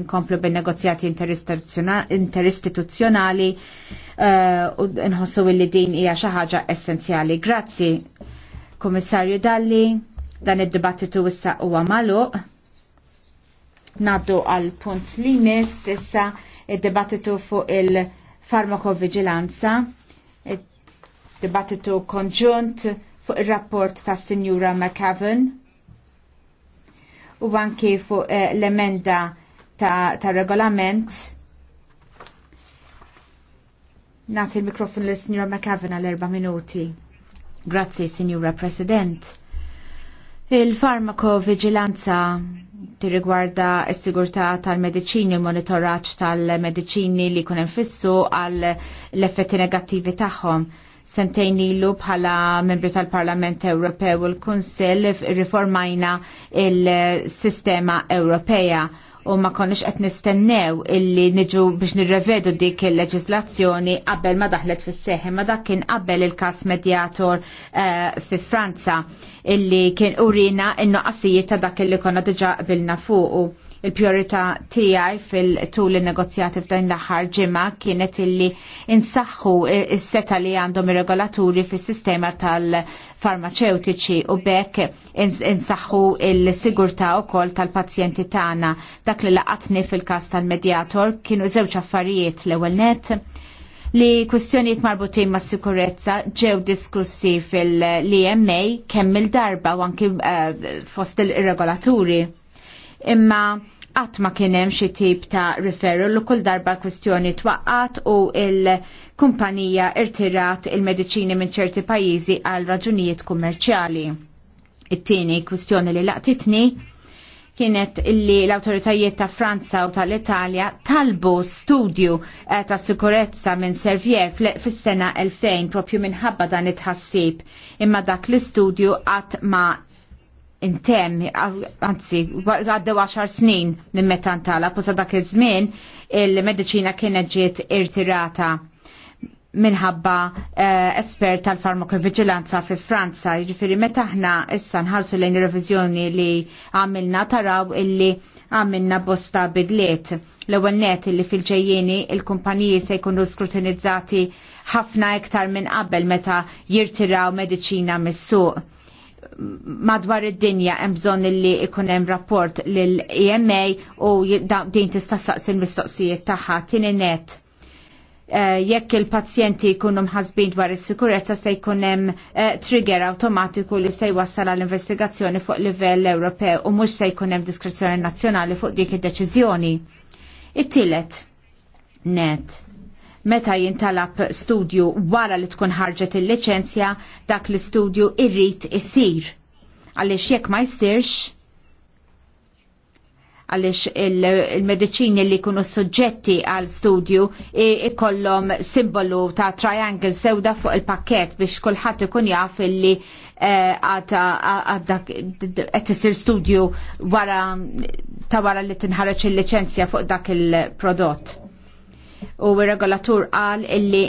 nkomplu bin negozjati interistituzzjonali eh, u nħossu li din hija xi ħaġa essenzjali. Grazzi, Kummissarju Dalli, dan id-dibattitu issa huwa magħluq. Naddu għal punt li limis issa id-dibattitu fuq il-farmakovigilanza, id-dibattitu konġunt fuq ir-rapport ta' Sinjura McAvan. u anki fuq eh, l-emenda ta', ta regolament Nati il-mikrofon l-Signora McAvena l-erba minuti. Grazzi, Signora President. Il-farmakovigilanza tirrigwarda s-sigurtà tal-medicini, il-monitoraċ tal-medicini li kunem fissu għal l-effetti negattivi tagħhom sentejn ilu bħala membri tal-Parlament Ewropew u l kunsel riformajna il-sistema Ewropea u ma konniex qed nistennew illi niġu biex nirrevedu dik il-leġislazzjoni qabel ma daħlet fis seħħ ma dak kien qabel il-kas medjator uh, eh, fi Franza illi kien urina n noqqasijiet ta' dak illi konna diġa qbilna fuqu Il-priorità tiegħi fil-tul in-negozjati f'dan l-aħħar ġimgħa kienet illi insaħħu is-seta li għandhom ir-regolaturi fis-sistema tal-farmaceutiċi u bekk insaħħu il-sigurtà wkoll tal-pazjenti tagħna. Dak li laqatni fil-każ tal-medjator kienu żewġ affarijiet l-ewwel net li kwistjonijiet marbutin ma' sikurezza ġew diskussi fil-EMA kemm il-darba u anki uh, fost il-regolaturi. Imma qatt ma kien hemm xi tip ta' referral l kull darba kwistjoni twaqqat u il-kumpanija irtirat il-mediċini minn ċerti pajjiżi għal raġunijiet kummerċjali. It-tieni kwistjoni li laqtitni kienet illi l-autoritajiet ta' Franza u tal-Italja talbu studju eh, ta' sikurezza minn Servier fis-sena 2000 propju minħabba dan it-ħassib imma dak l-istudju qatt ma intemm, anzi, għaddew 10 snin minn meta ntala, posa dak iż-żmien il-medicina kienet ġiet irtirata minħabba uh, espert tal-farmakovigilanza fi Franza, ġifiri meta ħna issa nħarsu lejn revizjoni li għamilna taraw illi għamilna bosta bidliet. L-ewwel net illi fil-ġejjeni il-kumpaniji se jkunu skrutinizzati ħafna iktar minn qabel meta jirtiraw mediċina mis-suq madwar id-dinja hemm bżonn li jkun hemm rapport lil EMA u din tista' saqsi l-mistoqsijiet tagħha tieni net. Eh, jekk il-pazjenti jkunu mħasbin dwar is-sikurezza se jkun hemm eh, trigger awtomatiku li se jwassal għall investigazzjoni fuq livell Ewropew u mhux se jkun hemm diskrezzjoni nazzjonali fuq dik id-deċiżjoni. It-tielet net Meta jintalab studju wara li tkun ħarġet il-liċenzja, dak l-istudju irrit isir. Għaliex jekk ma jsirx, għaliex il-medicini li kunu suġġetti għal studju ikollhom simbolu ta' triangle sewda fuq il-pakket biex kulħadd ikun jaf illi eh, għadda qed isir studju wara ta' wara li tinħareġ il-liċenzja fuq dak il-prodott u regolatur qal illi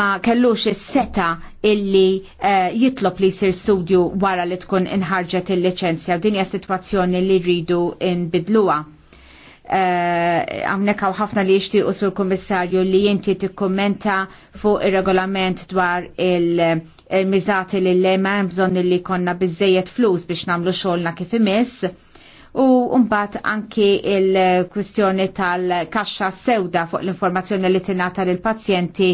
ma kellux is-seta illi uh, jitlob li jsir studju wara li tkun inħarġet il-liċenzja u dinja hija sitwazzjoni li rridu nbidluha. Eh, hawnhekk uh, hawn ħafna li jixtiequ sur kummissarju li inti tikkummenta fuq ir-regolament dwar il-miżati il li lema hemm bżonn li konna bizzejet flus biex nagħmlu xogħolna kif imiss u mbagħad anki il-kwistjoni tal-kaxxa sewda fuq l-informazzjoni li tingħata lill pazjenti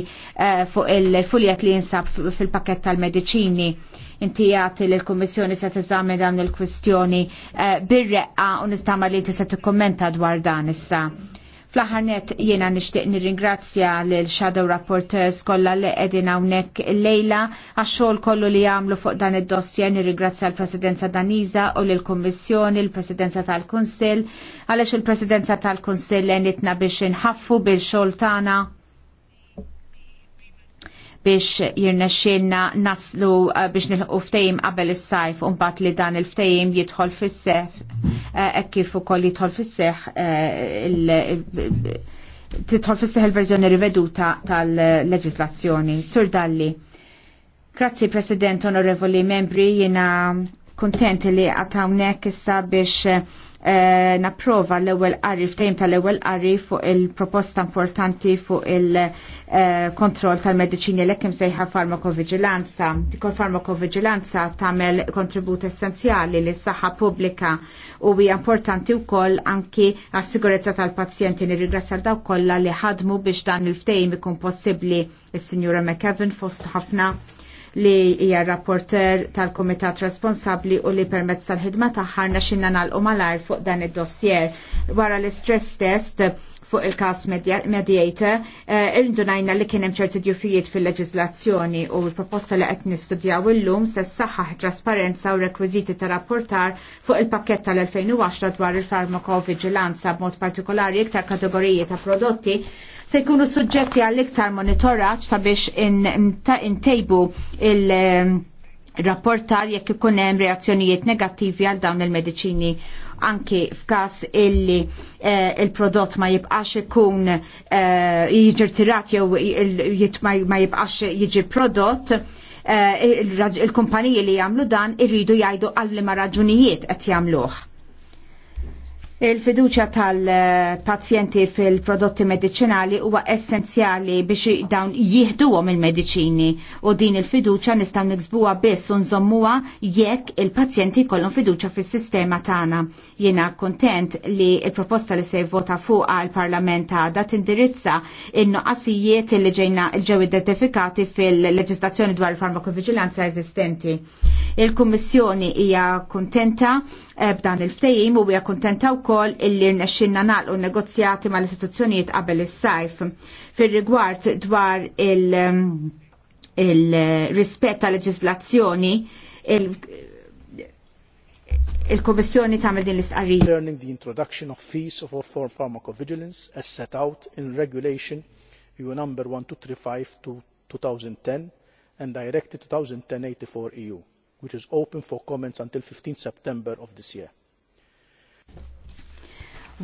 eh, fuq il-fuljet li jinsab fil-pakket tal-mediċini. Inti għati l-Kommissjoni se teżami dawn il-kwistjoni eh, bir-reqqa u nistama li inti se tikkummenta dwar dan issa. Fl-ħarnet jiena nixtieq nirringrazzja lil shadow Rapporteurs kollha li qegħdin hawnhekk lejla għax-xogħol kollu li jagħmlu fuq dan id-dossier nirringrazzja l-Presidenza Daniża u lil kummissjoni l-Presidenza tal-Kunsill għaliex il-Presidenza tal-Kunsill għenitna biex inħaffu bil-xogħol tagħna biex jirnexxilna naslu eh, biex nilħu ftejim qabel is-sajf u mbagħad li dan il-ftejim jidħol fis seħħ hekk eh, kif ukoll jidħol fis-seħ eh, tidħol fis seħħ il-verżjoni riveduta tal-leġislazzjoni. Sur Dalli. Grazzi President, onorevoli membri, jiena kuntenti li għatawnek issa biex eh, l-ewwel qari ftehim tal-ewwel qari fuq il-proposta importanti fuq il-kontroll eh, tal medicini l ekkim sejħa farmakovigilanza. Dikol farmakovigilanza tagħmel kontribut essenzjali lis saħħa pubblika u hija importanti wkoll anki għas-sigurezza tal-pazjenti nirrigrassal daw kollha li ħadmu biex dan il ftejm ikun possibbli Il-Signora McKevin fost ħafna li hija rapporter tal-Komitat Responsabli u li permezz tal-ħidma tagħha xinna nagħlqu malar fuq dan id-dossier. Wara l-istress test fuq il-kas mediator, eh, irridu najna li kienem ċerti djufijiet fil-leġizlazzjoni u l-proposta li qed nistudjaw illum se saħħaħ trasparenza u rekwiziti ta' rapportar fuq il-pakket tal-2010 dwar il-farmakovigilanza b'mod partikolari iktar kategoriji ta' prodotti se jkunu suġġetti għall-iktar monitoraċ sabiex intejbu tejbu il- rapportar jekk ikun hemm reazzjonijiet negattivi għal dawn il-mediċini anki f'każ illi eh, il-prodott ma jibqax ikun eh, tirat jew ma jibqax jiġi prodott eh, il-kumpaniji li jagħmlu dan irridu jgħidu għal ma raġunijiet qed jagħmluh Il-fiduċa tal-pazjenti fil-prodotti medicinali huwa essenzjali biex dawn jihduhom il-mediċini u din il-fiduċa nistgħu niksbuha biss u nżommuha jekk il-pazjenti jkollhom fiduċa fis-sistema tagħna. Jiena kuntent li l-proposta li se jvota fuqha l-Parlament għadha tindirizza in nuqqasijiet li ġejna ġew identifikati fil-leġislazzjoni dwar il-farmakovigilanza eżistenti. Il-Kummissjoni hija kuntenta. Eh, b'dan il-ftejim u bija kontenta wkoll illi rnexxinna nagħlqu negozjati mal-istituzzjonijiet qabel is-sajf. Fir-rigward dwar il- il-rispett tal leġislazzjoni il-Komissjoni tagħmel din l-istqarrija. Concerning the introduction of fees of all for pharmacovigilance as set out in regulation EU number 1235 to 2010 and directive 2010/84 EU which is open for comments until fifteen September of this year.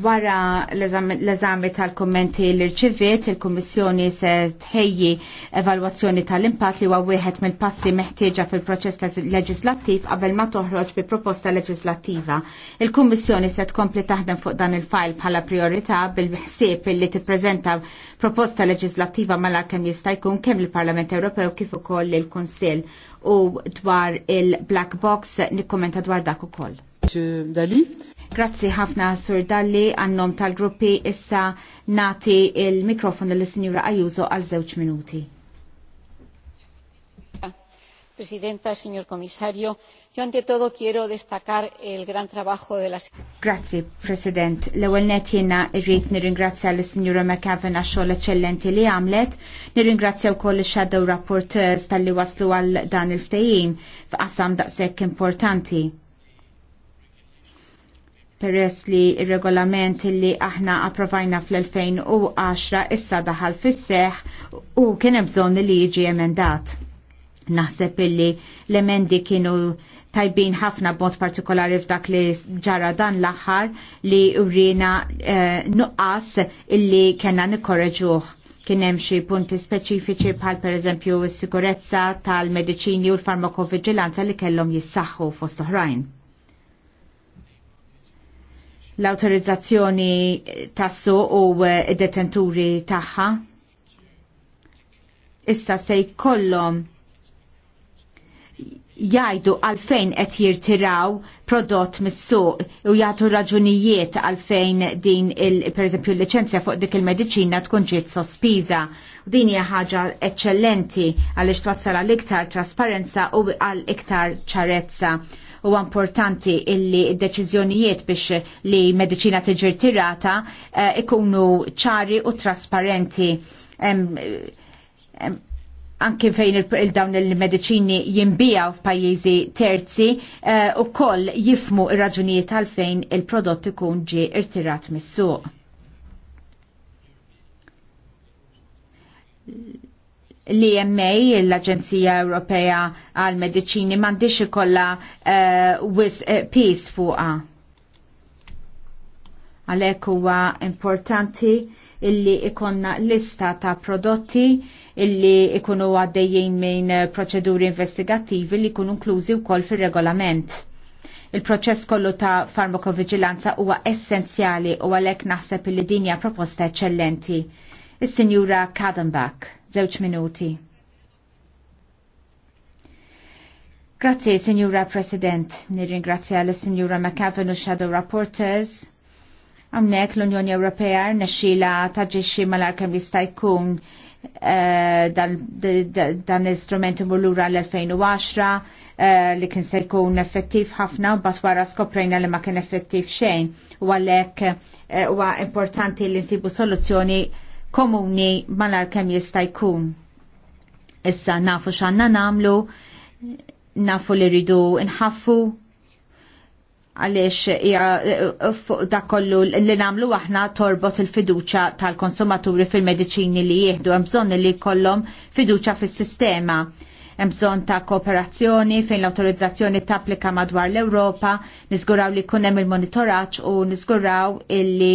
Wara l-eżami tal-kommenti l-irċiviet, il-Kummissjoni se tħejji evalwazzjoni tal-impatt li huwa wieħed mill-passi meħtieġa fil-proċess leġislattiv qabel ma toħroġ bi proposta leġislattiva. Il-Kummissjoni se tkompli taħdem fuq dan il-fajl bħala priorità bil-ħsieb li tippreżenta proposta leġislattiva mal kemm jista' jkun kemm il-Parlament Ewropew kif ukoll il-Kunsill u dwar il-Black Box nikkommenta dwar dak ukoll. Grazzi ħafna Sur Dalli għannom tal-gruppi issa nati il-mikrofon l-Sinjura Ajuso għal żewġ minuti. Presidenta, Signor Commissario, yo ante todo quiero destacar el gran trabajo de la... Grazie, President. L-ewel net jena irrit nirringrazzja l-Signora McAven għaxol eccellenti li għamlet, nirringrazzja u koll shadow rapporteurs tal-li waslu għal dan il-ftejim f'qasam daqsek importanti peress li il-regolament li aħna approvajna fl-2010 issa daħal fis-seħ u kien hemm bżonn li jiġi emendat. Naħseb illi l-emendi kienu tajbin ħafna b'mod partikolari f'dak li ġara dan l-aħħar li urina eh, nuqqas illi kena nikkoreġuh kien hemm xi punti speċifiċi bħal pereżempju s sigurezza tal-mediċini u l-farmakovigilanza li kellhom jissaħħu fost oħrajn l-autorizzazzjoni tassu u eh, detenturi tagħha. Issa se jkollhom jajdu għalfejn qed jirtiraw prodott mis-suq u jagħtu raġunijiet għalfejn din il pereżempju l-liċenzja fuq dik il-mediċina tkun ġiet sospiża. U din hija ħaġa eċċellenti għaliex twassal għal iktar trasparenza u għal iktar ċarezza. U importanti illi d-deċiżjonijiet biex li medicina tiġir tirata uh, eh, ikunu ċari u trasparenti. Um, um, fejn il-dawn il-medicini jimbijaw f'pajjiżi terzi uh, eh, u koll jifmu ir-raġunijiet għalfejn il-prodott ikun ġi irtirat mis-suq l-EMA, l-Aġenzija Ewropea għal mediċini m'għandix ikollha uh, eh, wis eh, peace fuqha. Għalhekk huwa importanti illi ikonna lista ta' prodotti illi ikunu għaddejjien minn proċeduri investigativi li ikunu inklużi wkoll fir-regolament. Il-proċess kollu ta' farmakovigilanza huwa essenzjali u għalhekk naħseb li din hija proposta eċċellenti. Is-Sinjura Kadenbach żewġ minuti. Grazzi, Signora President. Nirringrazzja l signora McAvenu Shadow Rapporters. Għamnek l-Unjoni Ewropea nesċila taġiċi mal-arkem jista' jkun eh, dan l istrumenti mullura lura l-2010 eh, li kien se jkun effettiv ħafna u bat wara skoprejna li ma kien effettiv xejn u għalhekk eh, huwa importanti li nsibu soluzzjoni komuni malar kem jista' jkun. Issa nafu x'Anna namlu, nafu li rridu nħaffu għaliex eh, fuq dakollu li namlu aħna torbot il-fiduċa tal-konsumaturi fil-mediċini li jieħdu hemm bżonn li jkollhom fiduċa fis-sistema. Hemm bżonn ta' kooperazzjoni fejn l-awtorizzazzjoni tapplika madwar l-Ewropa, niżguraw li jkun hemm il-monitoraġġ u niżguraw illi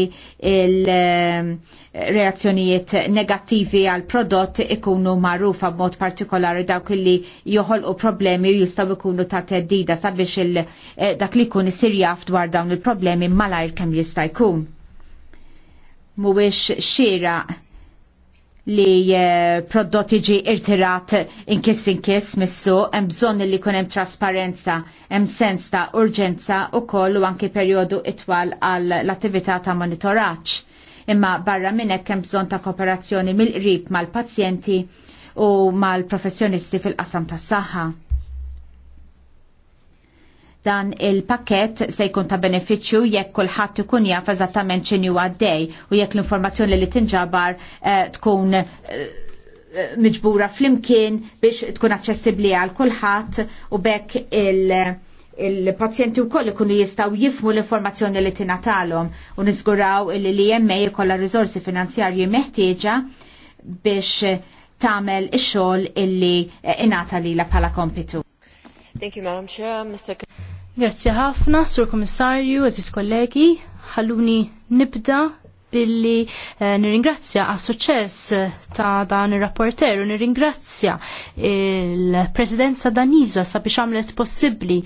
il-reazzjonijiet negattivi għal prodott ikunu magħrufa b'mod partikolari dawk li joħolqu problemi u jistgħu jkunu ta' teddida sabiex eh, dak li jkun isir jaf dwar dawn il-problemi malajr kemm jista' jkun. Mhuwiex xira li eh, prodotti ġi irtirat inkis inkis missu, hemm bżonn li jkun hemm trasparenza, hemm sens ta' urġenza u koll u anki perjodu itwal għal l-attività ta' monitoraġġ. Imma barra minn hekk hemm bżonn ta' kooperazzjoni mill-qrib mal-pazjenti u mal-professjonisti fil-qasam tas-saħħa dan il-pakket se jkun ta' beneficju jekk kulħadd ikun jaf eżattament x'inhu għaddej u jekk l-informazzjoni li tinġabar eh, tkun eh, miġbura flimkien biex tkun aċċessibbli għal kulħadd u bekk il- il-pazjenti u koll ikunu jistaw jifmu l-informazzjoni li tinatalhom u niżguraw li l-IMA jkollha rizorsi finanzjarji meħtieġa biex tagħmel ix-xogħol illi li eh, lilha bħala kompitu. Thank you, Madam Chair. Mr. Grazzi ħafna, Sur Komissarju, Aziz kollegi, ħalluni nibda billi eh, nirringrazzja għas suċċess eh, ta' dan ir-rapporter u nirringrazzja il-Presidenza Danisa sabiex għamlet possibbli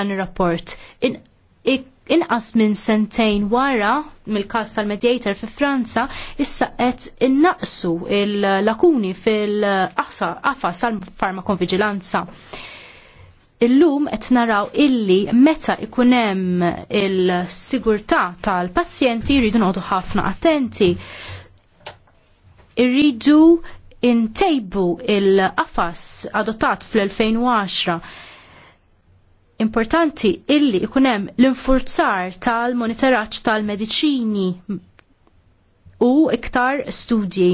dan ir-rapport. Inqas minn sentejn wara mill-każ tal-Mediator fi Franza, issa qed innaqsu il-lakuni fil-qafas tal-farmakonvigilanza illum qed naraw illi meta ikun hemm il-sigurtà tal-pazjenti jridu noqogħdu ħafna attenti. Irridu intejbu il-qafas adottat fl-2010 importanti illi ikun hemm l-infurzar tal-monitoraġġ tal-mediċini u iktar studji.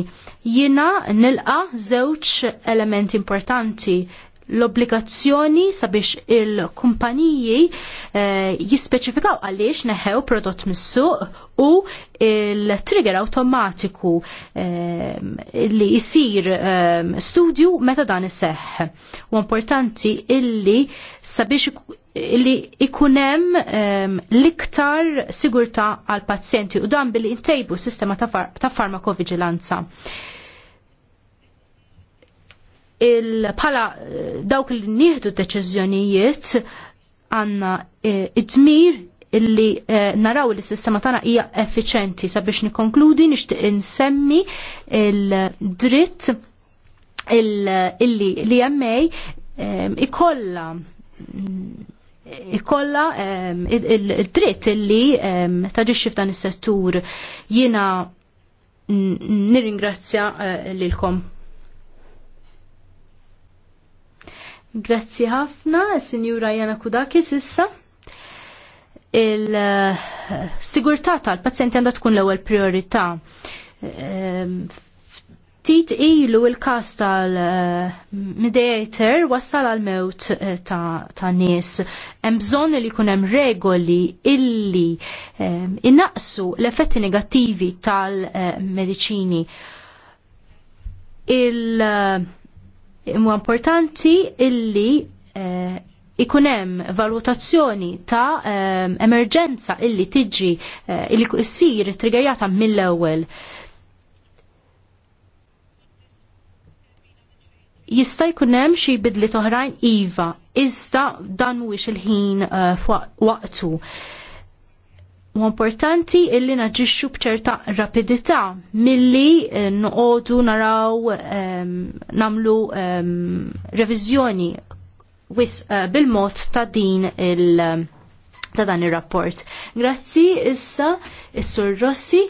Jina nilqa żewġ elementi importanti l-obbligazzjoni sabiex il-kumpaniji eh, jispeċifikaw għaliex neħew prodott mis-suq u il-trigger automatiku eh, li jisir eh, studju meta dan iseħħ. U importanti illi sabiex li ikunem um, liktar sigurta għal pazjenti u dan billi intejbu sistema ta', far ta farmakovigilanza il-pala dawk li nieħdu deċiżjonijiet għandna e, id-dmir illi e, naraw li s-sistema tagħna hija effiċenti sabiex nikkonkludi nixtieq insemmi il-dritt illi li jemmej ikolla ikolla e, il-dritt illi taġixxi f'dan is-settur jiena nirringrazzja lilkom Grazzi ħafna, Sinjura Jana Kudakis issa. Il-sigurtà eh, tal-pazjenti għandha tkun l-ewwel priorità. Ehm, ftit ilu il-kas tal-mediator eh, wassal għal mewt eh, ta' nies. Hemm bżonn li jkun hemm regoli illi ehm, innaqsu l-effetti negattivi tal-mediċini. il- Imma importanti illi eh, ikunem valutazzjoni ta' eh, emerġenza illi tiġi eh, illi kussir triggerjata mill-ewwel. Jista' jkun hemm xi bidli toħrajn iva, iżda dan mhuwiex il-ħin uh, waqtu. Wa U importanti illi naġixxu bċerta rapidità milli eh, noqogħdu naraw ehm, namlu revizjoni ehm, reviżjoni wis eh, bil-mod ta' din il- ta' dan ir-rapport. Grazzi issa is-Sur Rossi.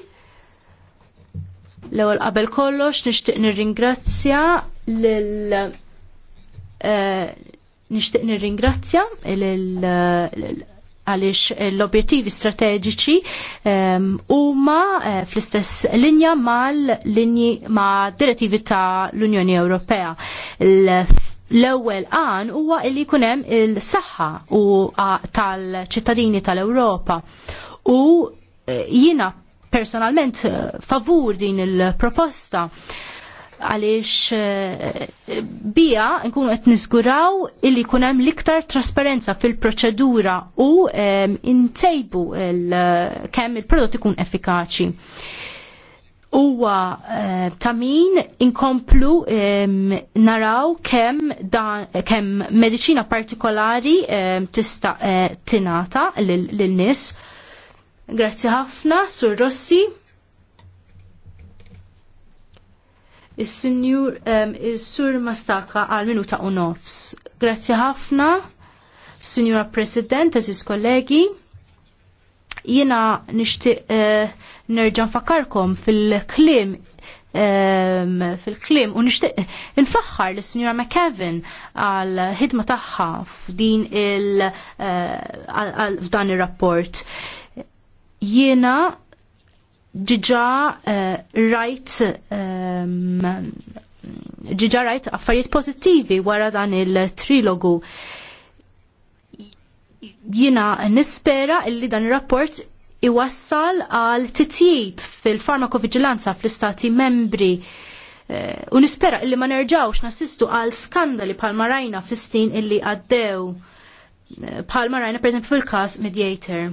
L-ewwel qabel kollox nixtieq nirringrazzja lil eh, nixtieq nirringrazzja lil għaliex eh, l-obiettivi strateġiċi ehm, huma eh, fl-istess linja mal-linji ma' direttivi ta' l-Unjoni Ewropea. L-ewwel għan huwa li jkun hemm il-saħħa u tal-ċittadini tal-Ewropa u eh, jina personalment favur din il-proposta għaliex bija nkunu qed niżguraw illi jkun hemm l-iktar trasparenza fil-proċedura u intejbu kemm il-prodott ikun effikaċi. Huwa eh, ta' min inkomplu naraw kemm kemm mediċina partikolari tista' eh, tingħata lil nies. Grazzi ħafna, Sur Rossi. Is-Sinjur is-Sur Mastaka għal minuta u nofs. Grazzi ħafna, Sinjura President, eżis kollegi. Jiena nixtieq eh, nerġa' nfakkarkom fil-klim fil-klim u nixtieq infaħħar lis sinjura McKevin għal ħidma tagħha f'din il- eh, f'dan ir-rapport. Jiena ġiġa eh, rajt ġiġa ehm, rajt affarijiet pozittivi wara dan il-trilogu. Jina nispera illi dan il-rapport iwassal għal titjib fil-farmakovigilanza fl-istati membri eh, u nispera illi ma nerġawx nasistu għal skandali palma rajna fis-snin illi għaddew palma eh, rajna per fil-kas Mediator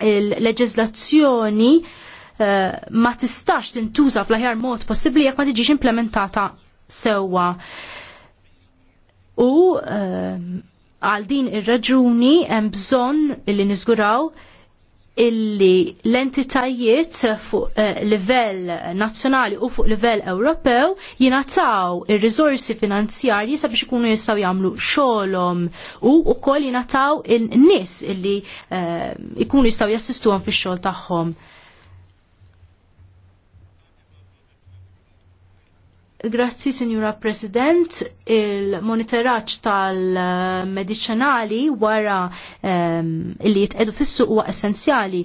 il-leġizlazzjoni eh, ma tistax tintuża fl-aħjar mod possibbli jekk ma tiġix implementata sewwa. U eh, għal din ir-raġuni hemm bżonn li niżguraw illi l-entitajiet fuq eh, livell nazzjonali u fuq livell Ewropew jingħataw ir rizorsi finanzjarji sabiex ikunu jistgħu jagħmlu xolom u wkoll jingħataw in-nies illi eh, ikunu jistgħu jassistuhom fix-xogħol tagħhom. Grazzi, Signora President. Il-monitoraċ tal-medicinali wara um, ehm, li jitqedu fissu huwa essenzjali.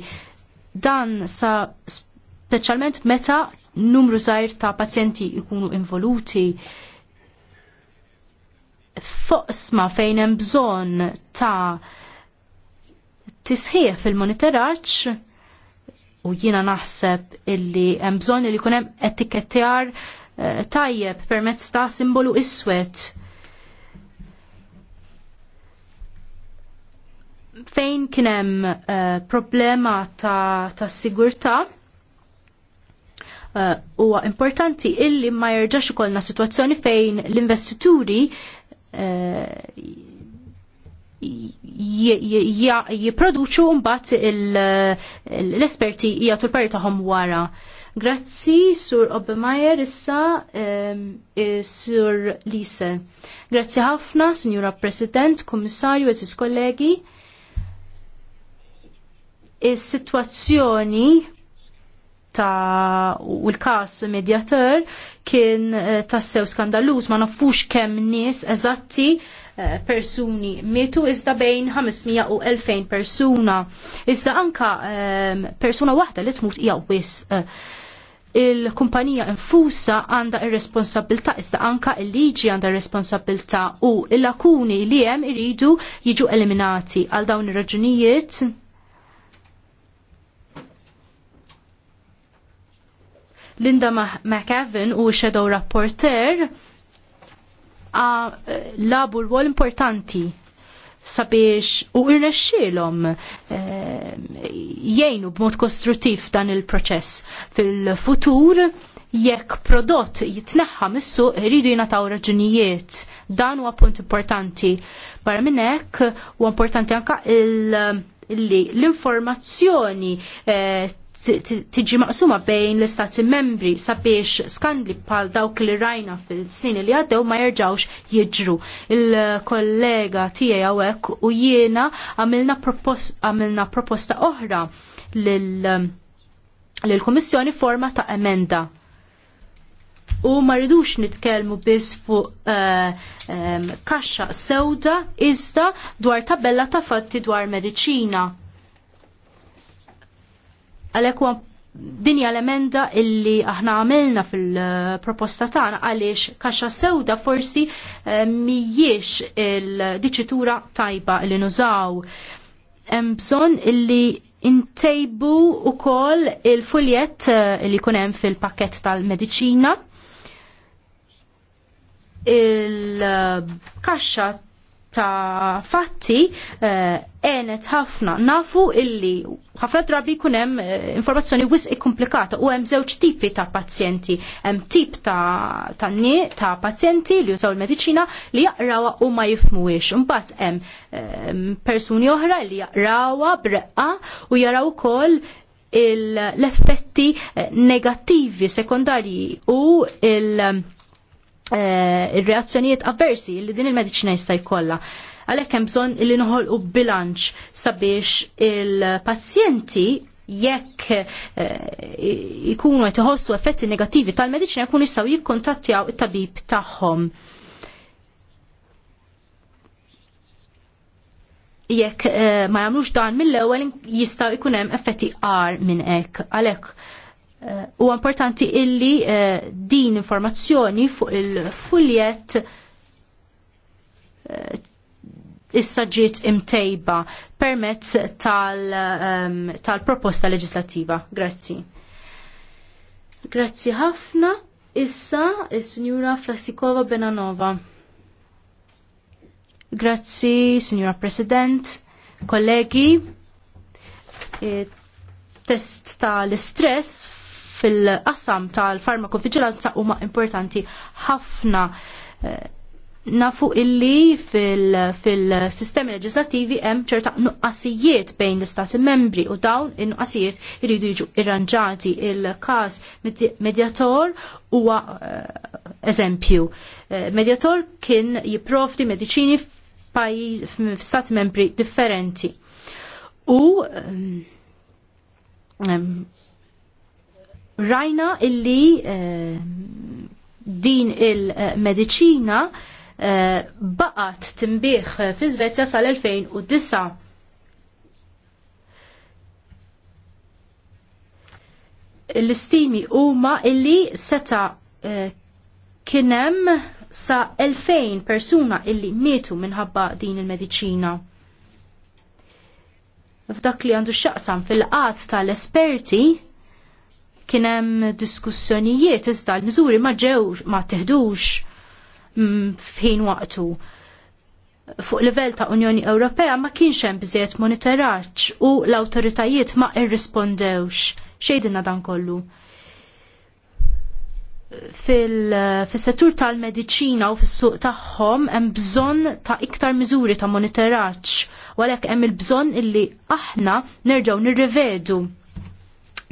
Dan sa speċjalment meta numru sajr ta' pazjenti ikunu involuti foqsma fejn hemm bżonn ta' tisħieħ fil-monitoraġġ u jiena naħseb illi hemm bżonn li jkun hemm etikettjar Eh, tajjeb permezz ta' simbolu iswed. Fejn kienem uh, problema ta', ta sigurta eh, huwa uh, importanti illi ma jerġax ikollna situazzjoni fejn l-investituri uh, jiproduċu mbagħad l-esperti jgħatu l-parri tagħhom wara. Grazzi sur Obbemajer issa ehm, sur Lise. Grazzi ħafna, Signora President, Kummissarju, eżis kollegi. Is-sitwazzjoni ta' u l-kas medjator kien eh, tassew skandalus ma nafux kemm nies eżatti Eh, persuni mitu iżda bejn 500 u 2000 persuna. Iżda anka ehm, persuna waħda li tmut hija wis eh, il-kumpanija infusa għanda ir-responsabilta iżda anka il-liġi għanda ir-responsabilta u il-lakuni li hemm iridu jiġu eliminati għal dawn ir-raġunijiet Linda McAvin u Shadow Rapporter Eh, labu l-wol importanti sabiex u irnexxielhom e, jgħinu b'mod kostruttiv dan il-proċess fil-futur jekk prodott jitneħħa missu rridu jingħataw raġunijiet dan huwa punt importanti barra minn hekk huwa importanti anke il- l-informazzjoni eh, tiġi maqsuma bejn l-istati membri sabiex skandli bħal dawk li rajna fil-snin li għaddew ma jerġawx jiġru. Il-kollega tiegħi hawnhekk u jiena għamilna proposta oħra lill kummissjoni forma ta' emenda. U ma rridux nitkellmu biss fuq eh, kaxxa sewda iżda dwar tabella ta' fatti dwar mediċina Għalhekk dinja l-emenda illi aħna għamilna fil-proposta tagħna għaliex kaxa sewda forsi eh, mijiex il-diċitura tajba li nużaw. Hemm bżonn illi intejbu ukoll il-fuljet eh, li jkun hemm fil-pakket tal medicina il-kaxxa eh, ta' fatti eh, enet ħafna. Nafu illi ħafna drabi jkun hemm eh, informazzjoni wisq e komplikata u hemm żewġ tipi ta' pazjenti. Hemm tip ta' ta' ta' pazjenti li jużaw il-mediċina li jaqrawha u ma jifmuwiex. Imbagħad hemm ehm, persuni oħra li jaqrawha breqqa u jaraw ukoll l-effetti eh, negattivi sekondarji u il- Eh, ir-reazzjonijiet avversi li din il-mediċina jista' jkollha. Għalhekk hemm bżonn li noħolqu bilanċ sabiex il-pazjenti jekk eh, ikunu qed iħossu effetti negattivi tal-mediċina jkunu jistgħu jikkuntattjaw it-tabib tagħhom. Jekk eh, ma jagħmlux dan mill-ewwel jistgħu jkun hemm effetti għar minn hekk. Għalhekk Eh, u importanti illi eh, din informazzjoni fuq il-fuljet eh, issa ġiet imtejba permezz ehm, tal-proposta tal leġislativa. Grazzi. Grazzi ħafna. Issa il sinjura Flasikova Benanova. Grazzi, Sinjura President, kollegi. Test tal-istress fil qasam tal-farmakofiġilanza huma importanti ħafna eh, nafu illi fil-sistemi fil leġislattivi hemm ċerta nuqqasijiet bejn l-istati membri u dawn in-nuqqasijiet iridu jiġu irranġati il-każ medjator huwa eh, eżempju. Eh, medjator kien jipprovdi mediċini f'stati membri differenti. U ehm, ehm, rajna illi eh, din il-medicina eh, baqat timbiħ fi Svezja sal-2009. L-istimi huma illi seta eh, kienem sa 2000 persuna illi mietu minħabba din il-medicina f'dak li għandu xaqsam fil-qat tal-esperti Kien hemm diskussjonijiet iżda l-miżuri ma ġew ma teħdux mm, f'ħin waqtu. Fuq livell ta' Unjoni Ewropea ma kienx hemm bżiet monitoraġġ u l-awtoritajiet ma irrispondewx. Xejdinna dan kollu fil-settur tal-medicina u fis-suq tagħhom hemm bżonn ta' iktar miżuri ta' monitoraġġ għalhekk hemm il-bżonn illi aħna nerġgħu nirrivedu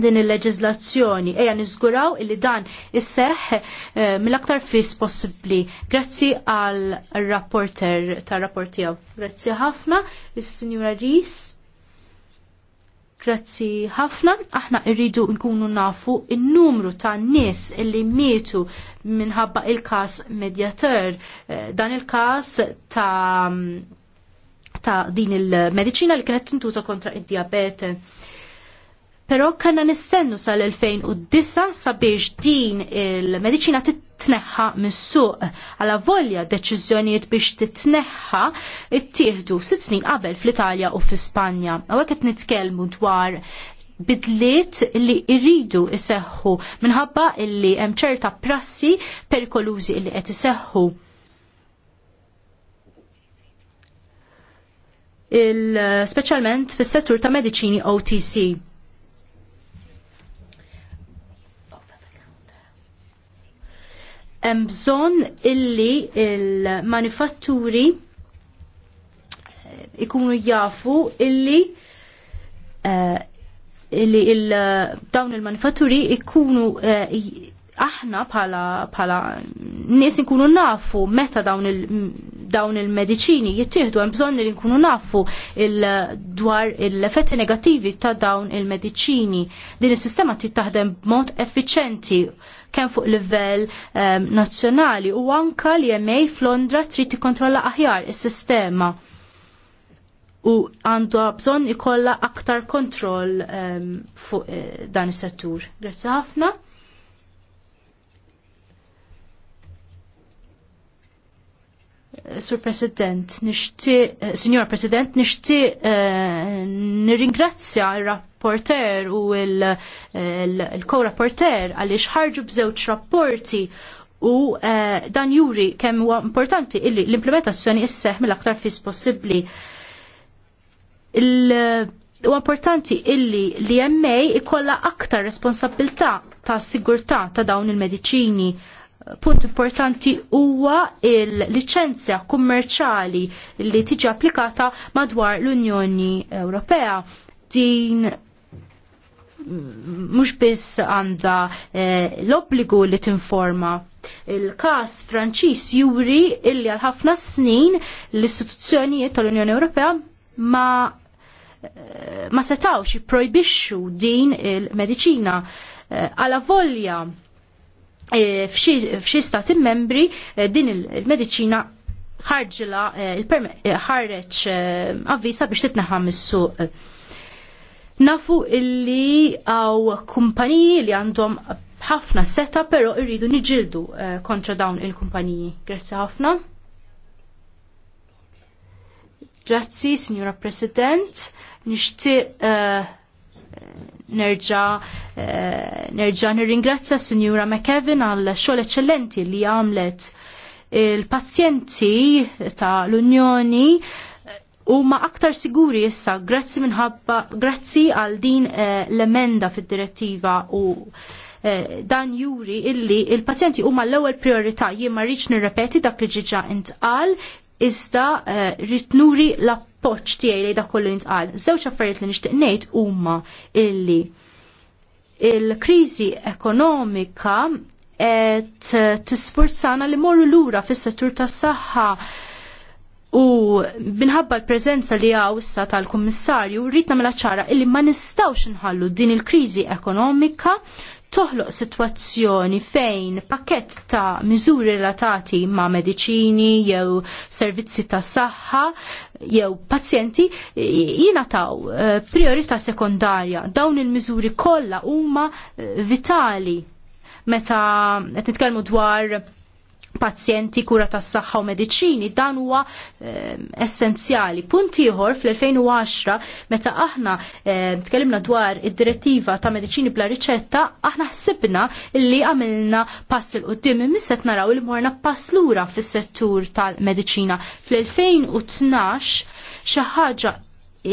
din il-leġizlazzjoni. Eja niżguraw illi dan isseħ eh, mill-aktar fis possibbli. Grazzi għal rapporter tar rapportijaw. Grazzi ħafna, il-Sinjura Ris. Grazzi ħafna, aħna irridu nkunu nafu il-numru ta' nis illi mietu minħabba il-kas medjator. Eh, dan il-kas ta' ta' din il-medicina li kienet tintuża kontra id-diabete. il diabete Però kanna nistennu sal-2009 sabiex din il-medicina titneħħa mis-suq għala volja deċiżjonijiet biex titneħħa ittieħdu sitt snin qabel fl-Italja u fl-Ispanja. Għawek qed nitkellmu dwar bidliet li irridu iseħħu minħabba illi hemm ċerta prassi perikolużi li qed iseħħu. il speċjalment fis-settur ta' mediċini OTC hemm bżonn illi il-manifatturi eh, ikunu jafu illi uh, illi il dawn il-manifatturi ikunu uh, aħna bħala pala nies inkunu nafu meta dawn il dawn il-mediċini jittieħdu hemm bżonn li nkunu nafu il dwar l-effetti negattivi ta' dawn il-mediċini. Din is-sistema trid taħdem b'mod effiċenti kemm fuq livell um, nazzjonali u anka li EMA f'Londra trid tikkontrolla aħjar is-sistema u għandu bżonn ikolla aktar kontroll um, fuq uh, dan is-settur. Grazzi ħafna. Sur President, nishti, eh, Signor President, nishti uh, nirringrazzja il-rapporter u il-co-rapporter eh, il, il ħarġu bżewċ rapporti u uh, dan juri kemm huwa importanti illi l-implementazzjoni isseħ mill-aktar fis possibbli. U importanti illi li MA ikolla aktar responsabilta ta' sigurtà ta' dawn il-mediċini punt importanti huwa il-liċenzja kummerċali li tiġi applikata madwar l-Unjoni Ewropea. Din mhux biss għandha eh, l-obbligu li tinforma il-kas Franċis juri illi għal ħafna snin l-istituzzjonijiet tal-Unjoni Ewropea ma eh, ma setawx jipprojbixxu din il mediċina eh, għala volja Eh, f'xi stati membri eh, din il-medicina ħarġila eh, ħarreċ avvisa biex titneħħa mis-suq. Nafu illi għaw kumpaniji li għandhom ħafna seta pero irridu niġildu kontra dawn il-kumpaniji. Grazzi ħafna. Grazzi, Signora President. Nixtieq. uh, nerġa eh, nerġa nirringrazzja Sinjura McKevin għal xogħol eċċellenti li għamlet il-pazjenti ta' l-Unjoni huma aktar siguri issa grazzi minħabba grazzi għal din eh, l-emenda fid-direttiva u eh, dan juri illi il-pazjenti huma l-ewwel priorità jien ma rridx nirrepeti dak li ġiġa intqal iżda rrid nuri l l-appoċ tiegħi li dak kollu nitqal. Żewġ affarijiet li nixtieq ngħid huma illi il-kriżi ekonomika qed tisfurzana li morru lura fis-settur tas-saħħa U minħabba l-prezenza li għaw issa tal-Kommissarju, rritna mela ċara illi ma nistawx nħallu din il-krizi ekonomika toħloq situazzjoni fejn pakett ta' miżuri relatati ma' mediċini jew servizzi ta' saħħa jew pazjenti jingħataw eh, priorità sekondarja. Dawn il-miżuri kollha huma eh, vitali meta qed nitkellmu dwar pazjenti, kura tas saħħa u mediċini, dan huwa eh, essenzjali. Punt ieħor fl-2010, meta aħna eh, tkellimna dwar id-direttiva ta' mediċini bla riċetta, aħna ħsibna li għamilna pass il qudiem misset naraw li morna pass lura fis-settur tal-mediċina. Fl-2012 xi ħaġa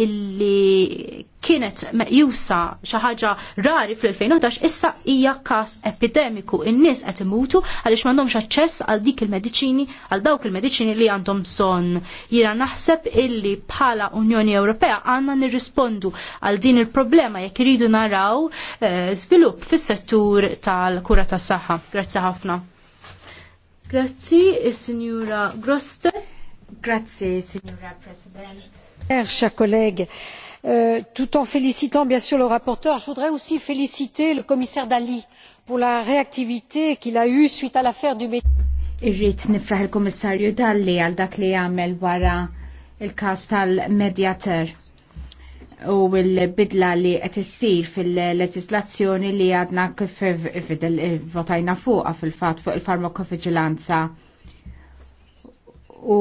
illi kienet meqjusa xi ħaġa rari fl-2011 issa hija każ epidemiku. In-nies qed imutu għaliex m'għandhomx aċċess għal dik il-mediċini għal dawk il-mediċini li għandhom bżonn. Jiena naħseb illi bħala Unjoni Ewropea għandna nirrispondu għal din il-problema jekk iridu naraw eh, żvilupp fis-settur tal-kura tas-saħħa. Grazzi ħafna. Grazzi, is-Sinjura Groste. Grazie, signora President. Chers, collègues, euh, tout en félicitant bien sûr le rapporteur, je voudrais aussi féliciter le commissaire Dalli pour la réactivité qu'il a eue suite à l'affaire du Irrit nifraħ il-Komissarju Dalli għal dak li għamel wara il-kas tal-medjater u l-bidla li qed issir fil-leġislazzjoni li għadna kif votajna fuqha fil-fatt fuq il-farmakovigilanza u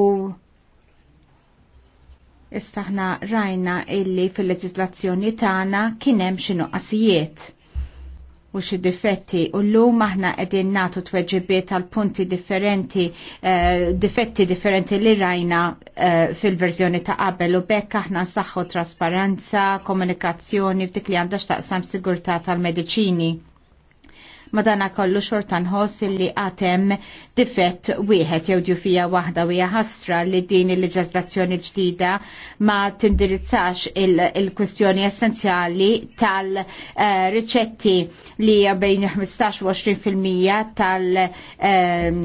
Issa ħna rajna illi fil-leġislazzjoni tagħna kien hemm xi nuqqasijiet u xi difetti u llum aħna qegħdin nagħtu tweġibiet għal punti differenti, uh, difetti differenti li rajna uh, fil-verżjoni ta' qabel u bekk aħna nsaħħu trasparenza, komunikazzjoni f'dik li għandha x'taqsam sigurtà tal-mediċini madana kollu xortan hos illi għatem difett wieħed jew fija waħda u ħasra li din il-leġislazzjoni ġdida ma tindirizzax il-kwestjoni essenzjali tal-riċetti li bejn 15 u 20% ehm,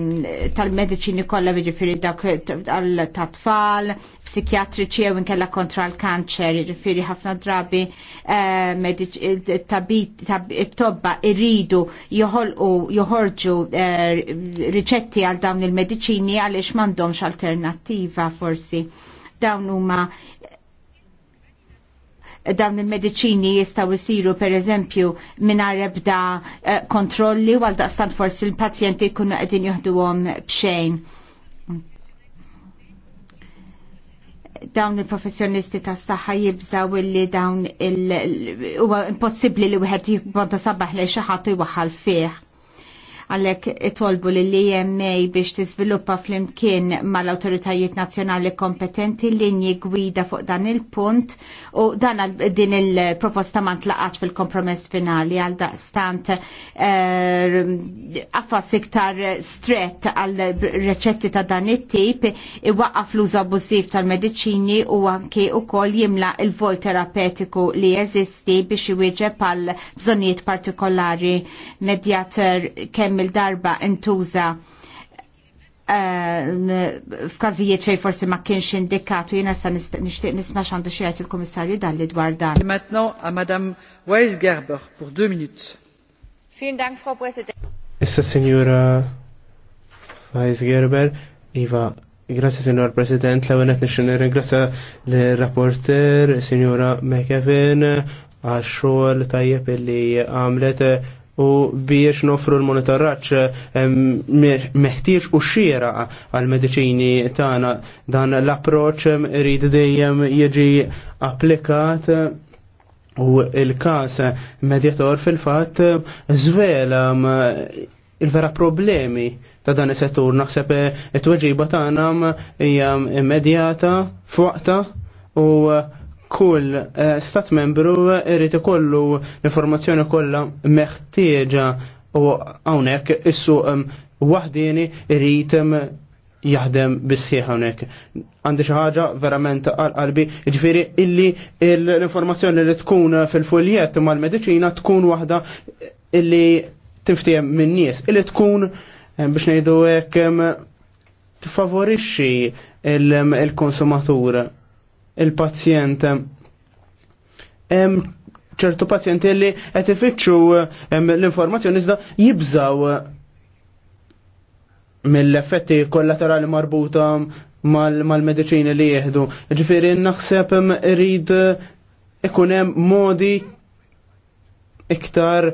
tal-medicini kollha jiġifieri dak tal-tfal, psikjatriċi jew inkella kontra l-kanċer, jiġifieri ħafna drabi eh, tabit tobba irridu joħolqu joħorġu eh, riċetti għal dawn il-mediċini għaliex m'għandhomx alternattiva forsi. Dawn huma dawn il-mediċini jistaw isiru per eżempju minar ebda eh, kontrolli għal daqstant forsi l-pazjenti kunu għedin juhduwom bxejn dawn il-professjonisti tas saħħa jibżaw illi dawn il- impossibli impossibbli li wieħed jibboda sabaħ lejn xi ħadd iwaħħal fih għalek itolbu li l-EMA biex tiżviluppa fl-imkien mal-autoritajiet nazjonali kompetenti linji gwida fuq dan il-punt u dan din il-proposta ma ntlaqax fil-kompromess finali għal stant għaffas eh, iktar stret għal reċetti ta' dan it-tip waqqaf l-użu abużiv tal-medicini u anke u kol jimla il vol terapeutiku li jeżisti biex iwieġeb għal bżonijiet partikolari medjat kemm mill darba intuża eh, f'każijiet xej forsi ma kienx indikatu jiena sa nixtieq nisma' x'għandu xi il-Kummissarju dalli dwar dan. Maintenant à Madame Weiss Gerber pour deux minutes. Vielen Dank, Frau Präsident. Issa Signora Weiss Gerber, Iva, Grazie, Signor President. L-għanet nixin ringrazza l-rapporter, Signora McEvin, għax-xogħol tajjeb illi għamlet u biex nofru l-monitorraċ meħtieġ u xiera għal-medicini tagħna dan l-approċ rrid dejjem jiġi applikat u il-kas medjator fil-fatt zvela il-vera problemi ta' dan is-settur naħseb it-tweġiba tagħna hija immedjata fuqta u kull eh, stat membru irrit ikollu l-informazzjoni kollha meħtieġa u hawnhekk issu waħdieni irrit jaħdem bisħiħ hawnhekk. Għandi xi ħaġa verament għal qalbi, jiġifieri illi l-informazzjoni li tkun fil-fuljet mal-mediċina tkun waħda illi tinftiem minn nies, illi tkun biex ngħidu hekk tfavorixxi il-konsumatur il-pazjent. Hemm ċertu pazjent li qed ifittxu l-informazzjoni iżda jibżaw mill-effetti kollaterali marbuta mal-medicini li jieħdu. Ġifiri, naħseb rrid ikun hemm modi iktar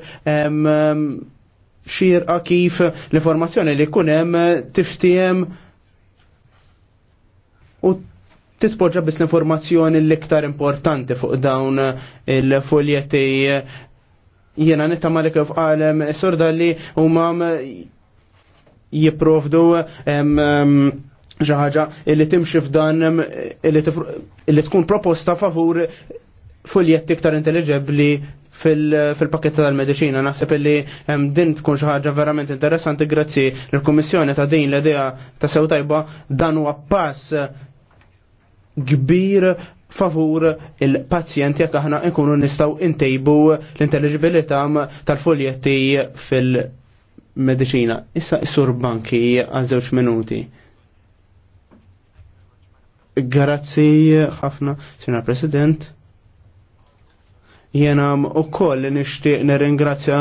xirqa kif l-informazzjoni li jkun hemm u titpoġġa biss l-informazzjoni l-iktar importanti fuq dawn il foljeti jena nitta malik f'qalem sorda li huma jiprofdu ġaħġa li timxi f'dan li tkun proposta favur fuljetti iktar intelligibli fil-pakket tal-medicina. Naħseb li din tkun xi ħaġa verament interessanti grazzi l-Kummissjoni ta' din l-idea ta' sew tajba dan huwa pass kbir favur il-pazjenti jekk aħna nkunu nistgħu ntejbu l-intelligibilità tal-foljetti fil-medicina. Issa sur banki għal żewġ minuti. Grazzi ħafna, Sina President. Jena u koll nishtiq nirringrazzja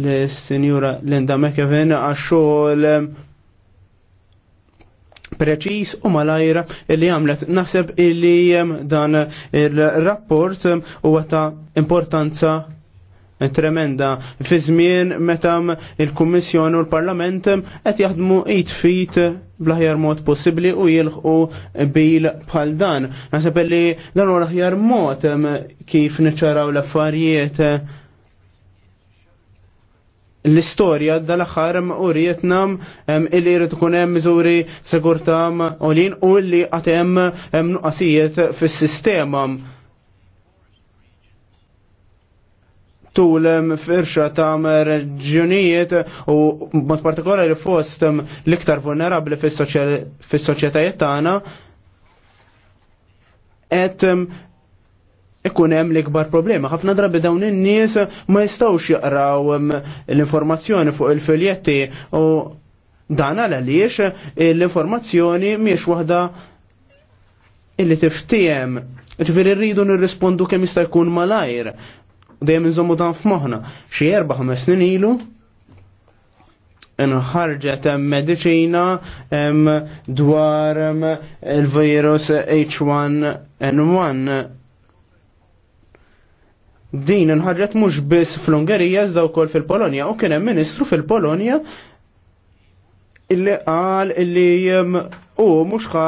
l-Sinjura Linda McEwen għax xogħol preċis u malajra li għamlet. Naħseb li dan il-rapport u għata importanza tremenda fi żmien meta il-Kummissjoni u l-Parlament qed jaħdmu it fit bl-aħjar mod possibbli u jilħqu bil bħal dan. Naħseb li dan huwa l-aħjar mod kif niċċaraw l-affarijiet l-istorja dal-axar urietna illi jrid ikun hemm miżuri sigurtà olin u li għatem hemm nuqqasijiet fis-sistema tul firxa ta' reġjonijiet u mod partikolari fost l-iktar vulnerabli fis-soċjetajiet tagħna qed ikun hemm l-ikbar problema. Ħafna drabi dawn in-nies ma jistgħux jaqraw um, l-informazzjoni fuq il-filjetti u dan għaliex l-informazzjoni miex waħda illi tiftijem. Ġifieri rridu nirrispondu kemm jista' jkun malajr. Dejjem inżommu dan f'moħħna. Xi erba' ħames snin ilu inħarġet medicina dwar il-virus H1N1 Din inħarġet mhux biss fl-Ungerija iżda wkoll fil-Polonja u kien hemm ministru fil-Polonja illi qal illi um, u mhux ħa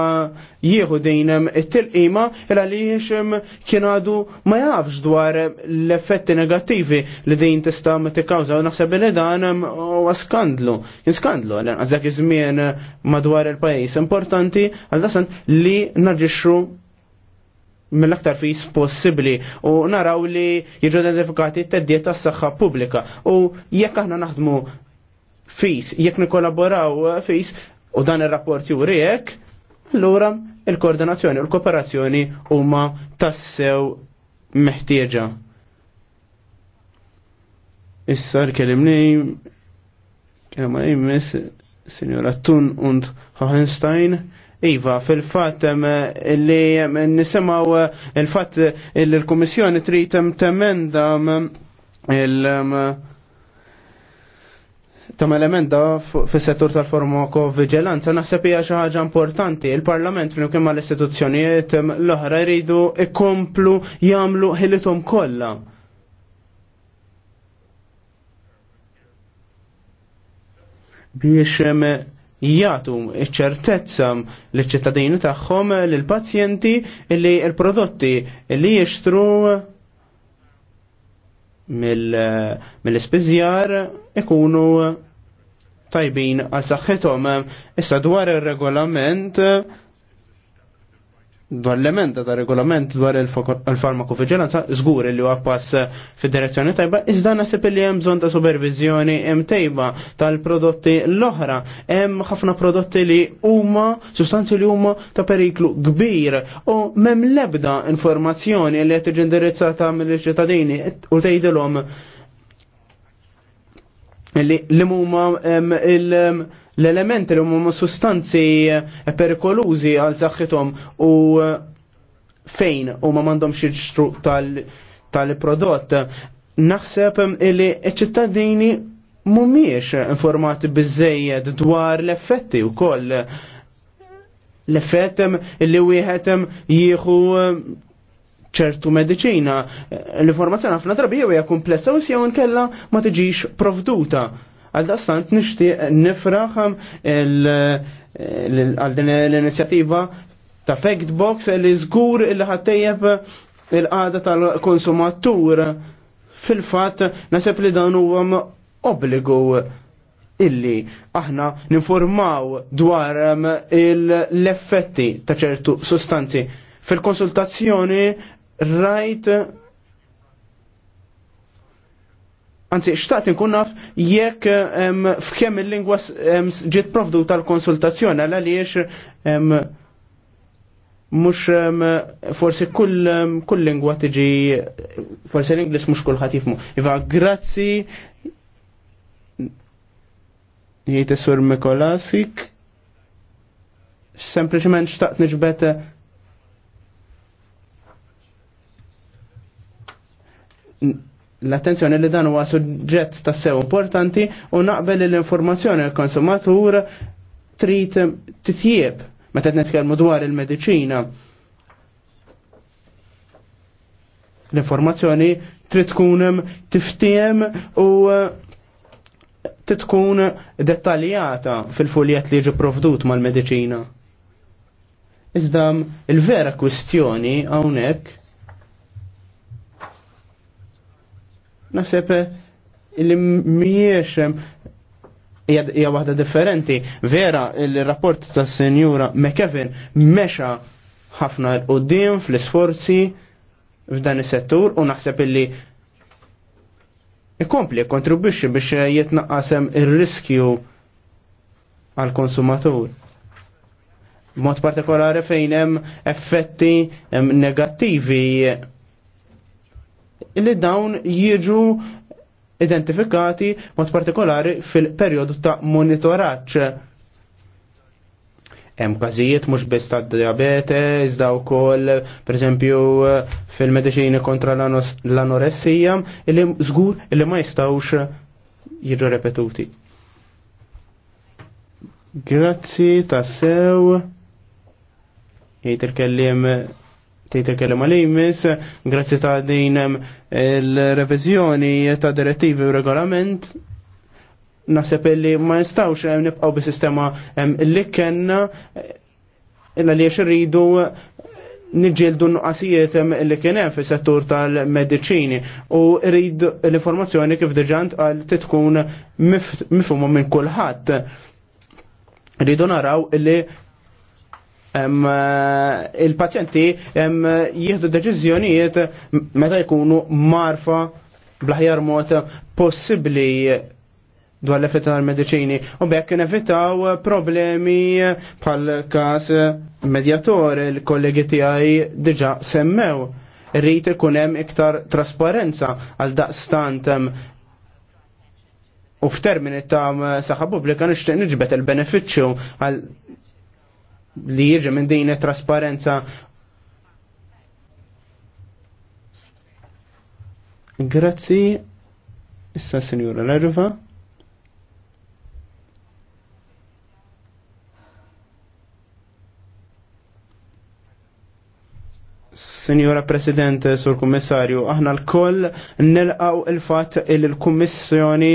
jieħu hemm um, it-tilqima il għaliex um, kien għadu ma jafx dwar l-effetti negattivi li din tista' tikkawża u naħseb li dan huwa skandlu. Kien skandlu għal dak iż-żmien madwar il-pajjiż importanti għal dasan li naġixxu mill-aktar fis possibbli u naraw li jiġu identifikati t-teddiet tas-saħħa pubblika u jekk aħna naħdmu fis, jekk nikkollaboraw fis u dan ir-rapport juri hekk, allura il-koordinazzjoni u l-kooperazzjoni huma tassew meħtieġa. Issa l-kelimni, kemm jimmis, Signora Tun und Hohenstein, Iva, fil-fat li nisimaw eh, il-fat eh, li l-Komissjoni trid temenda il tam elementa fis-settur tal formoko vigilanza naħseb hija xi ħaġa importanti. Il-Parlament kemm mal-istituzzjonijiet l-oħra jridu ikomplu jagħmlu ħilithom kollha. biex jgħatu ċertezza l-ċittadini tagħhom l-pazjenti li l-prodotti li jixtru mill-ispizjar ikunu tajbin għal saħħithom. Issa dwar ir-regolament dwar l-emenda ta' regolament dwar il-farmakovigilanza żgur li huwa pass fid-direzzjoni tajba, iżda naħseb li hemm bżonn ta' supervizjoni jem tajba tal-prodotti l-oħra. Hemm ħafna prodotti li huma sustanzi li huma ta' periklu kbir u m'hemm l-ebda informazzjoni li qed tiġi indirizzata mill-ċittadini u tgħidilhom li huma il- l-elementi li huma sustanzi eh, perikolużi għal saħħithom u eh, fejn u ma m'għandhomx jiġru tal-prodott. Naħseb eh, li ċ-ċittadini mumiex informati bizzejjed dwar l-effetti u koll l-effettem li wieħed jieħu ċertu medicina. L-informazzjoni ħafna drabi hija komplessa u sew nkella ma tiġix provduta. Għal dastant nishti nifraħ għal din l-inizjattiva ta' Fact Box li żgur li ħattejjeb il-qada tal-konsumatur fil-fat nasib li dan huwa obbligu illi aħna ninformaw dwar um, l-effetti ta' ċertu sostanzi. Fil-konsultazzjoni rajt right, Anzi, xtaqt nkun naf jekk f'kemm il-lingwa ġiet provdu tal-konsultazzjoni għal għaliex mhux forsi kull kull lingwa tiġi forsi l-Ingliż mhux kulħadd jifmu. Iva grazzi jgħid is-sur Mikolasik. Sempliċement xtaqt niġbet n l-attenzjoni li dan huwa suġġett ta' sew importanti u naqbel l-informazzjoni l-konsumatur trid titjieb meta qed nitkellmu dwar il-mediċina. L-informazzjoni trid tkun tiftiem u eh, titkun dettaljata fil-fuljet li ġi provdut mal-mediċina. Iżda il-vera kwistjoni hawnhekk Nasib li miex hija waħda differenti. Vera, il-rapport ta' Senjura McKevin mexa ħafna l-qoddim fl-isforzi f'dan is-settur u naħseb illi ikompli kontribwixxi biex jitnaqqasem ir-riskju għall konsumatur Mod partikolari fejn hemm effetti negattivi li dawn jiġu identifikati mod partikolari fil-perjodu ta' monitoraċ. Hemm każijiet mhux biss ta' diabete, iżda wkoll pereżempju fil-mediċini kontra l-anoressija illi żgur li ma jistgħux jiġu repetuti. Grazzi ta' sew. Jgħid il-kelliem Tejt il-kelema jmiss, grazzi ta' din il-revizjoni ta' direttivi u regolament, nasib li ma nistawx nibqaw bi-sistema li kena illa li rridu nġildu nuqqasijiet li kien hemm fis-settur tal-mediċini u rrid l-informazzjoni kif diġà għal titkun mifhuma minn kulħadd. Rridu naraw li Eh, il-pazjenti jieħdu deċiżjonijiet meta jkunu marfa blaħjar mod possibbli dwar l-effett tal-medicini u bekk nevitaw problemi bħal kas medjator il-kollegi tiegħi diġa semmew. Rrit ikun hemm iktar trasparenza għal daqstant u f'termini ta' saħħa pubblika nixtieq niġbed il-benefiċċju għal li jiġi minn din trasparenza Grazzi, issa Signora l-erva. Senjora President, Sur Kommissarju, aħna l-koll nilqaw il-fat il-Kummissjoni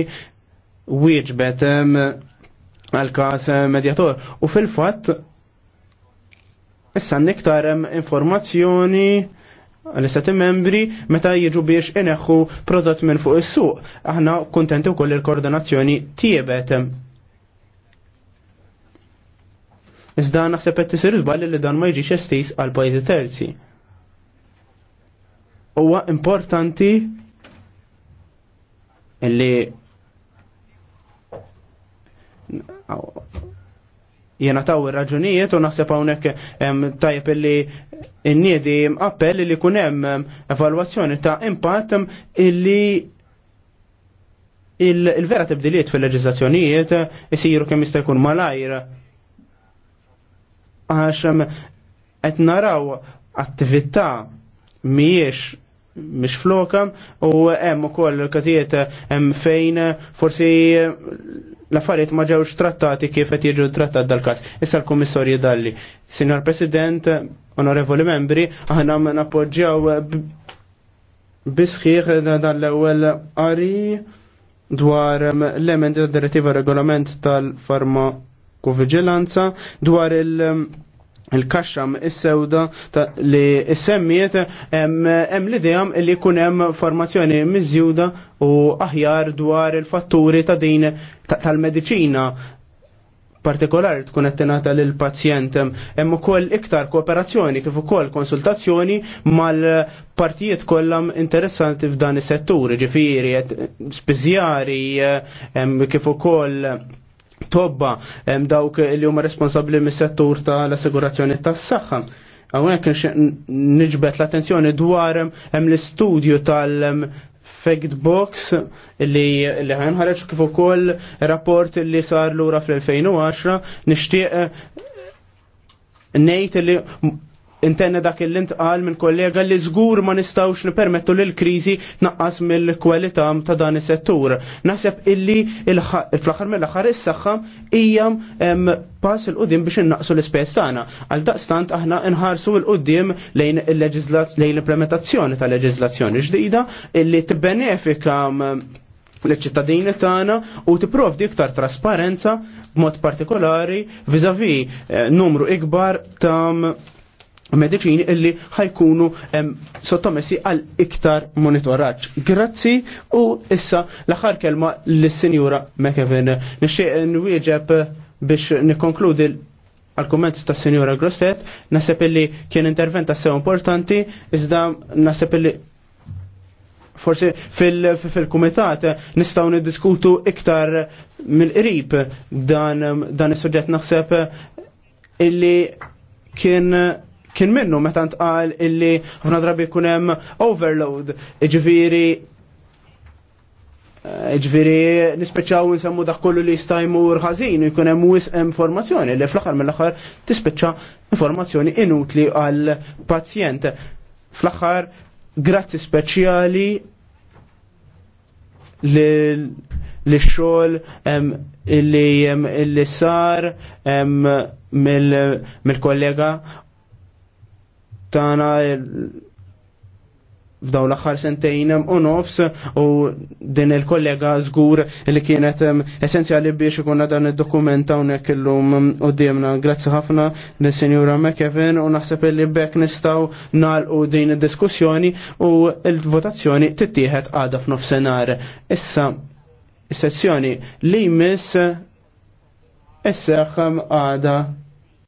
wieġbet għal-kas eh, mediator. U fil-fat Issa niktar informazzjoni l istati membri meta jiġu biex ineħħu prodott minn fuq is-suq. Aħna kontenti wkoll il-koordinazzjoni tiebet. Iżda naħseb qed tisir żball li dan ma jiġix estis għal pajjiżi terzi. Huwa importanti li jena taw raġunijiet u naħseb hawnhekk tajp li n-niedi appell li kunem hemm evalwazzjoni ta' impatt illi il-vera tibdiliet fil-leġizzazzjonijiet isiru kemm jista' jkun malajr. Għax qed naraw attività mhijiex mish flokam u hemm ukoll każijiet hemm fejn forsi l-affarijiet ma ġewx trattati kif qed jiġu trattat dal-każ. Issa l-Kummissarju dalli. Signor President, onorevoli membri, aħna nappoġġjaw bisħiħ dan l-ewwel qari dwar l-emendi tad direttiva regolament tal-farmakovigilanza dwar il- il-kaxxam is-sewda li semmiet hemm l-idejam li jkun hemm formazzjoni miżjuda u aħjar dwar il-fatturi ta' din tal-mediċina partikolari tkun qed tingħata lil pazjent hemm ukoll iktar kooperazzjoni kif ukoll konsultazzjoni mal-partijiet kollha interessanti f'dan is-settur, ġifieri, spiżjari, kif ukoll tobba hemm dawk li huma responsabbli mis-settur tal-assigurazzjoni tas-saħħa. Hawnhekk niġbed l-attenzjoni dwar hemm l-istudju tal- Fact Box li li ħanħarġ kif ukoll rapport li sar lura fl-2010 nixtieq ngħid li Intenna dak il intqal minn kollega li żgur ma nistawx nipermettu li l-kriżi naqqas mill-kwalità ta' dan is-settur. Naħseb illi fl-aħħar mill-aħħar is-saħħa hija pass il qudiem biex innaqsu l-ispejjeż tagħna. Għal daqstant aħna nħarsu l qudiem lejn l-implementazzjoni ta' leġiżlazzjoni ġdida illi tibbenefika l-ċittadini tagħna u tipprovdi iktar trasparenza b'mod partikolari viżavi eh, numru ikbar ta' medicini illi ħajkunu sottomessi għal iktar monitoraġġ. Grazzi u issa l-aħħar kelma lis-Sinjura McEvin. Nixtieq nwieġeb biex nikkonkludi għal-komment ta' Sinjura Grosset, nasib illi kien intervent sew importanti, iżda nasib illi forsi fil-kumitat nistaw niddiskutu iktar mill-qrib dan, dan is-suġġett naħseb illi kien kien minnu meta ntqal illi ħafna drabi jkun hemm overload, ġifieri eh, ġviri nispeċaw nsemmu dak kollu li jista' jmur ħażin jkun hemm wisq informazzjoni li fl-aħħar mill-aħħar tispiċċa informazzjoni inutli għal pazjent. Fl-aħħar grazzi speċjali li xogħol li sar mill-kollega tana f'daw l-axħar sentejn u nofs u din il-kollega żgur li kienet essenzjali biex ikunna dan id dokumenta hawnhekk illum qudiemna. Grazzi ħafna l sinjura McKevin u naħseb li bekk nistgħu nagħlqu din id-diskussjoni u l-votazzjoni tittieħed għadha f'nofsinhar. Issa is-sessjoni li jmiss isseħħam għada